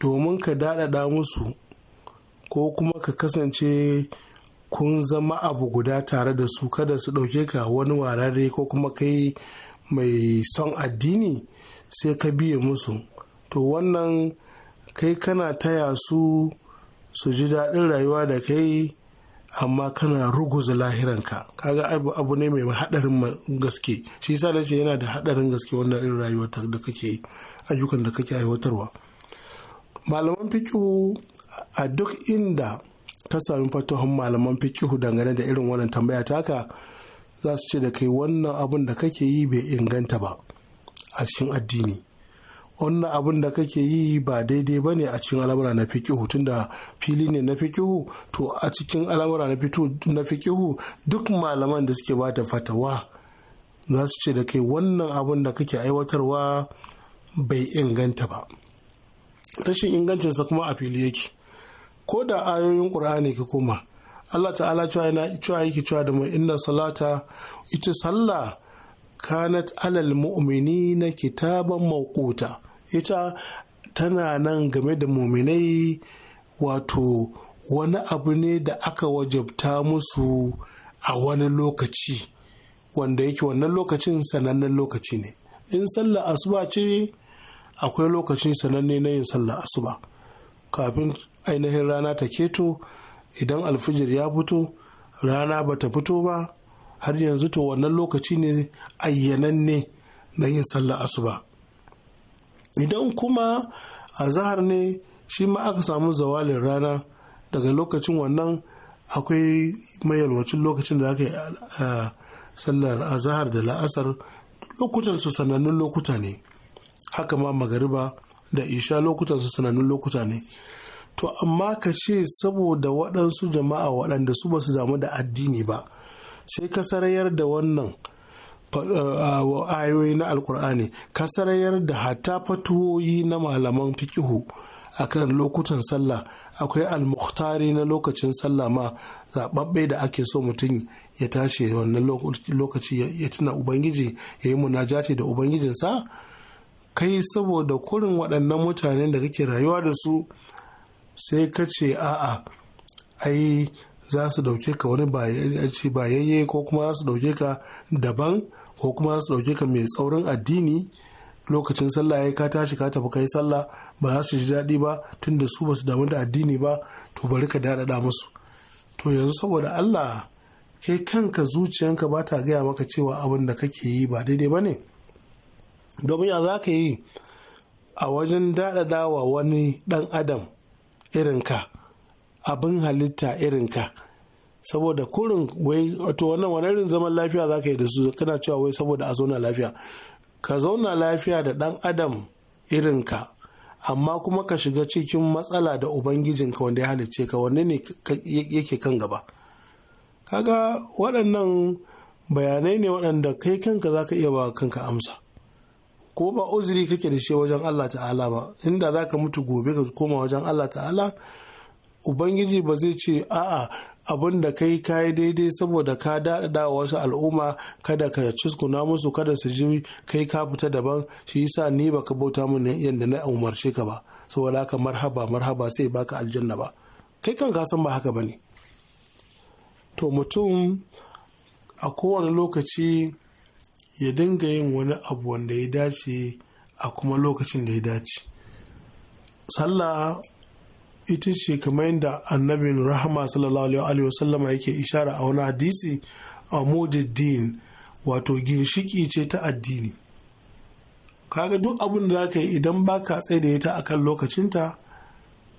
domin ka daɗaɗa musu ko kuma ka kasance kun zama abu guda tare da su kada su ɗauke ka wani warare ko kuma kai mai son addini sai ka biye musu to wannan kai kana taya su su ji daɗin rayuwa da kai amma kana ruguza lahiranka kaga abu abu ne mai haɗarin gaske shi yasa nace yana da haɗarin gaske wanda irin rayuwar da kake ayyukan da kake aiwatarwa malaman fikihu a duk inda ka sami fatohon malaman fikihu dangane da irin wannan tambaya taka za su ce da kai wannan abun da kake yi bai inganta ba a cikin addini wannan abin da kake yi ba daidai ba ne a cikin al'amura na fikihu tunda fili ne na fikihu to a cikin al'amura na fikihu duk malaman da suke bata fatawa za su ce da kai wannan abin da kake aiwatarwa bai inganta ba rashin ingancinsa kuma a fili yake ko da ayoyin ƙur'ani ka koma Allah ta'ala cewa yana cewa yake cewa da mai inna salata ita sallah kanat alal mu'mini na kitaban mawquta ita tana nan game da muminai wato wani abu ne da aka wajabta musu a wani lokaci wanda yake wannan lokacin sanannen lokaci ne in sallar asuba ce akwai lokacin sananne na yin sallar asuba kafin ainihin rana ta keto idan alfijir ya fito rana ba ta fito ba har yanzu to wannan lokaci ne ayyananne na yin sallar asuba idan kuma a zahar ne shi ma aka samu zawalin rana daga lokacin wannan akwai mayalwacin lokacin da aka yi sallar azahar da la'asar lokutan su sanannun lokuta ne haka ma magariba da isha lokutan su sanannun lokuta ne to amma ka ce saboda waɗansu jama'a waɗanda su ba su da addini ba sai ka sarayar da wannan Eh, ayoyi na alkur'ani ka sarayar da hatta fatuwoyi na malaman fikihu kan lokutan sallah akwai almuktari na lokacin sallah ma zaɓaɓɓe da ake so mutum ya tashi wannan lokaci ya tuna ubangiji ya yi munajati da ubangijinsa kai saboda kurin waɗannan mutanen da kake rayuwa da su sai ka ce a'a ai za su dauke ka wani bayayye ko kuma za su dauke ka daban ko kuma su ɗauke ka mai tsaurin addini lokacin sallah ya ka tashi ka tafi kai sallah ba za su ji daɗi ba tunda su ba su damu da addini ba to bari ka daɗaɗa musu to yanzu saboda Allah ke kanka zuciyanka ba ta gaya maka cewa abin da kake yi ba daidai ba ne domin ya za ka yi a wajen daɗaɗawa wani ɗan adam irinka abin halitta irinka saboda kurin wai wato wannan wani irin zaman lafiya za ka yi da su kana cewa wai saboda a zauna lafiya ka zauna lafiya da ɗan adam irin ka, amma kuma ka shiga cikin matsala da ubangijinka wanda ya halicce ka wanne ne yake kan gaba kaga waɗannan bayanai ne waɗanda kai kanka za ka iya ba kanka amsa ko ba uzuri kake da shi wajen Allah ta'ala ba inda za ka mutu gobe ka koma wajen Allah ta'ala ubangiji ba zai ce a'a abin da kai kayi daidai saboda ka daɗaɗa wasu al'umma kada ka cuskuna musu kada su ji kai ka fita daban shi yasa ni baka bauta min yadda na umarce ka ba saboda haka marhaba marhaba sai baka aljanna ba kai kan ka san ba haka bane to mutum a kowane lokaci ya dinga yin wani abu wanda ya dace a kuma lokacin da ya dace sallah ita ce kamar yadda annabin rahama sallallahu alaihi ya yake ishara a wani hadisi a din wato ginshiki ce ta addini kaga duk abin da zaka yi idan baka tsaye da ita akan lokacinta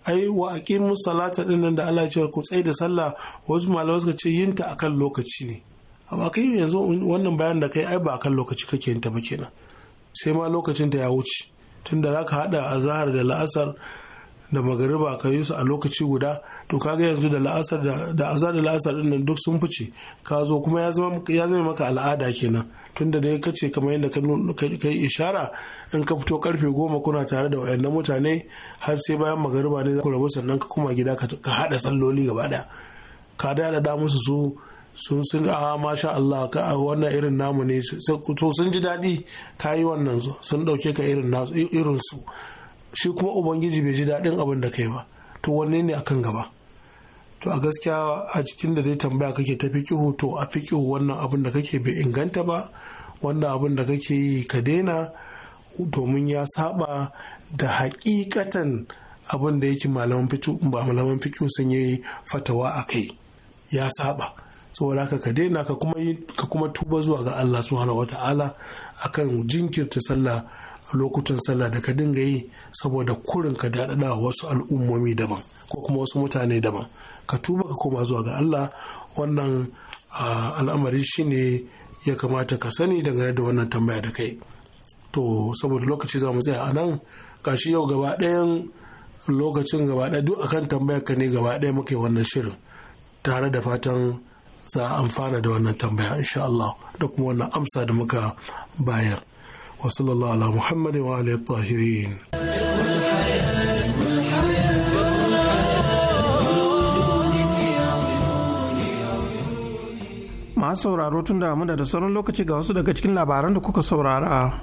ai wa aqimu salata din nan da Allah ya ce ku tsaye da sallah wasu malamai suka ce yin ta akan lokaci ne amma kai yanzu wannan bayan da kai ai ba akan lokaci kake yin ta ba kenan sai ma lokacinta ya wuce tunda zaka hada azhar da la'asar da magariba ka yi su a lokaci guda to kaga yanzu da la'asar da azar da la'asar din duk sun fice ka zo kuma ya zama ya zama maka al'ada kenan tunda da ka ce kamar yadda ka yi ishara in ka fito karfe goma kuna tare da wayannan mutane har sai bayan magariba ne za ku rabu sannan ka koma gida ka hada salloli gaba ɗaya ka da da musu su sun sun a ah, masha Allah ka ah, wannan irin namu ne to sun ji daɗi ka yi wannan sun ɗauke ka irin su shi kuma ubangiji bai ji daɗin abin da kai ba to wanne ne akan gaba to a gaskiya a cikin da dai tambaya kake ta fiƙihu to a fiƙihu wannan abin da kake bai inganta ba wannan abin da kake yi ka daina domin ya saba da hakikatan abin da yake malaman fito ba malaman fiƙihu sun yi fatawa a kai ya saba saboda haka ka daina ka kuma tuba zuwa ga Allah subhanahu ta'ala) akan jinkirta sallah a lokutan sallah da ka dinga yi saboda kurin ka daɗaɗa wasu al'ummomi daban ko kuma wasu mutane daban ka tuba ka koma zuwa ga Allah wannan al'amari shi ne ya kamata ka sani dangane da wannan tambaya da kai to saboda lokaci za mu tsaya a nan gashi yau gaba ɗayan lokacin gaba ɗaya duk akan tambayar ka ne gaba ɗaya muke wannan shirin tare da fatan za a amfana da wannan tambaya insha Allah da kuma wannan amsa da muka bayar وصلى الله على محمد وآله الطاهرين masu sauraro tun da muna da sauran lokaci ga wasu daga cikin labaran da kuka saurara.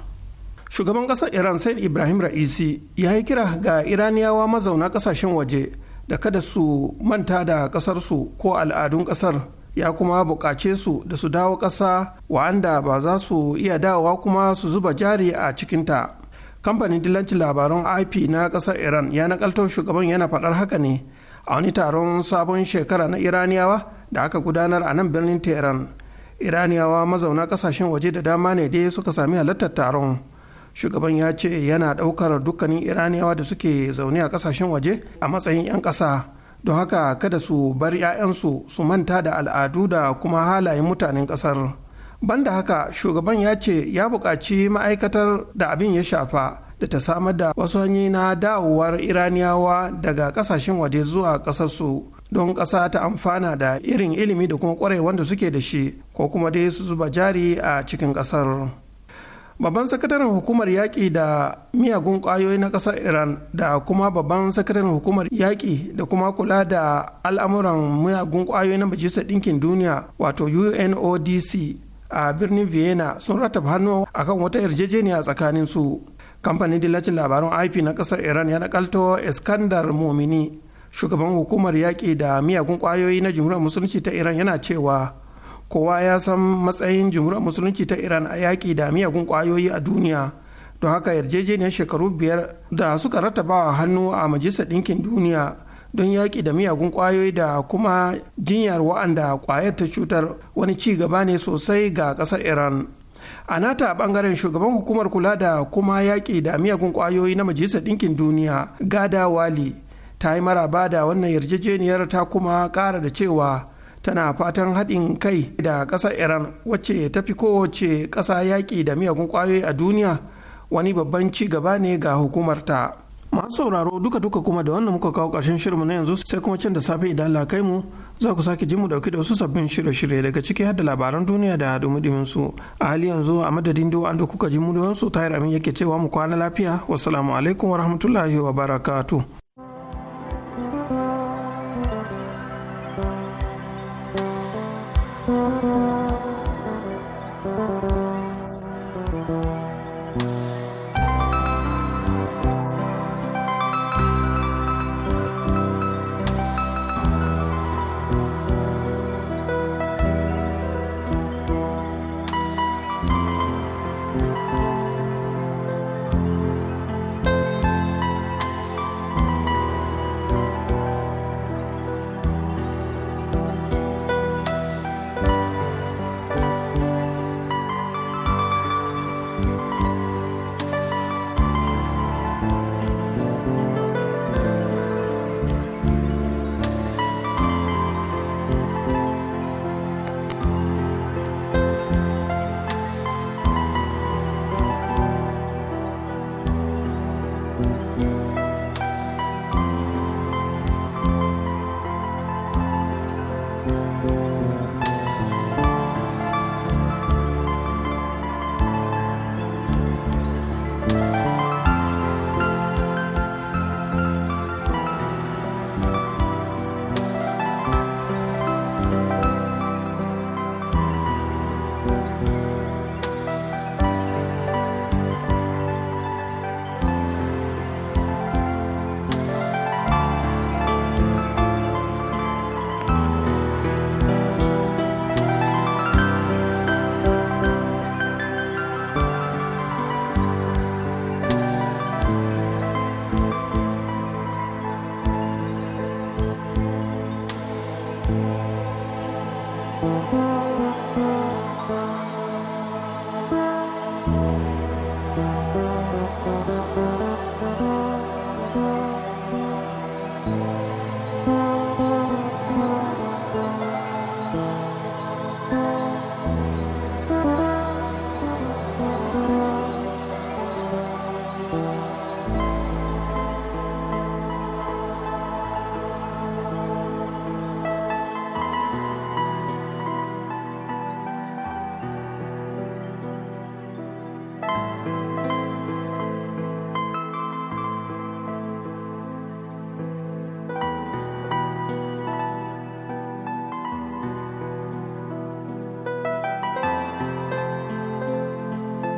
Shugaban ƙasar Iran Said Ibrahim Ra'isi ya yi kira ga Iraniyawa mazauna ƙasashen waje da kada su manta da ƙasarsu ko al'adun ƙasar ya kuma buƙace su da su dawo ƙasa wa'anda ba za su iya dawowa kuma su zuba jari a cikinta kamfanin dillancin labaran ip na ƙasar iran ya nakalto shugaban yana faɗar haka ne a wani taron sabon shekara na iraniyawa da aka gudanar a nan birnin tehran iraniyawa mazauna ƙasashen waje da dama ne dai suka sami halartar taron shugaban ya ce yana ɗaukar dukkanin iraniyawa da suke zaune a ƙasashen waje a matsayin 'yan ƙasa don haka kada su bar 'ya'yansu su manta da al'adu da kuma halayen mutanen ƙasar banda haka shugaban ya ce ya buƙaci ma'aikatar da abin ya shafa da ta samar da wasu hanyoyi na dawowar iraniyawa daga ƙasashen waje zuwa ƙasarsu don ƙasa ta amfana da irin ilimi da kuma ƙwarai wanda suke da shi ko kuma dai su zuba jari a cikin ƙasar. babban sakataren hukumar yaƙi da miyagun ƙwayoyi na ƙasar iran da kuma babban sakataren hukumar yaƙi da kuma kula da al'amuran miyagun ƙwayoyi na majalisar ɗinkin duniya wato unodc a birnin vienna sun rataba hannu a kan wata yarjejeniya tsakanin su kamfanin dillacin labaran ip na ƙasar iran ya nakalto iskandar momini shugaban hukumar yaƙi da miyagun ƙwayoyi na jumhuriyar musulunci ta iran yana cewa kowa ya san matsayin jumhuriyar musulunci ta iran a yaƙi da miyagun ƙwayoyi a duniya don haka yarjejeniyar shekaru biyar da suka rattabawa hannu a majalisar ɗinkin duniya don yaƙi da miyagun ƙwayoyi da kuma jinyar wa'anda ƙwayar ta cutar wani ci gaba ne sosai ga ƙasar iran a nata bangaren shugaban hukumar kula da kuma yaƙi da miyagun ƙwayoyi na majalisar ɗinkin duniya gada wali ta yi maraba da wannan yarjejeniyar ta kuma ƙara da cewa tana fatan haɗin kai da ƙasar iran wacce ta fi kowace ƙasa yaƙi da miyagun ƙwayoyi a duniya wani babban ci gaba ne ga hukumarta masu sauraro duka duka kuma da wannan muka kawo ƙarshen shirinmu na yanzu sai kuma can da safe idan Allah kai mu za ku sake jin mu dauki da wasu sabbin shirye-shirye daga ciki har da labaran duniya da dumudumin su a hali yanzu a madadin da da kuka ji mu da wasu tayar amin yake cewa mu kwana lafiya wassalamu alaikum wa rahmatullahi wa barakatuh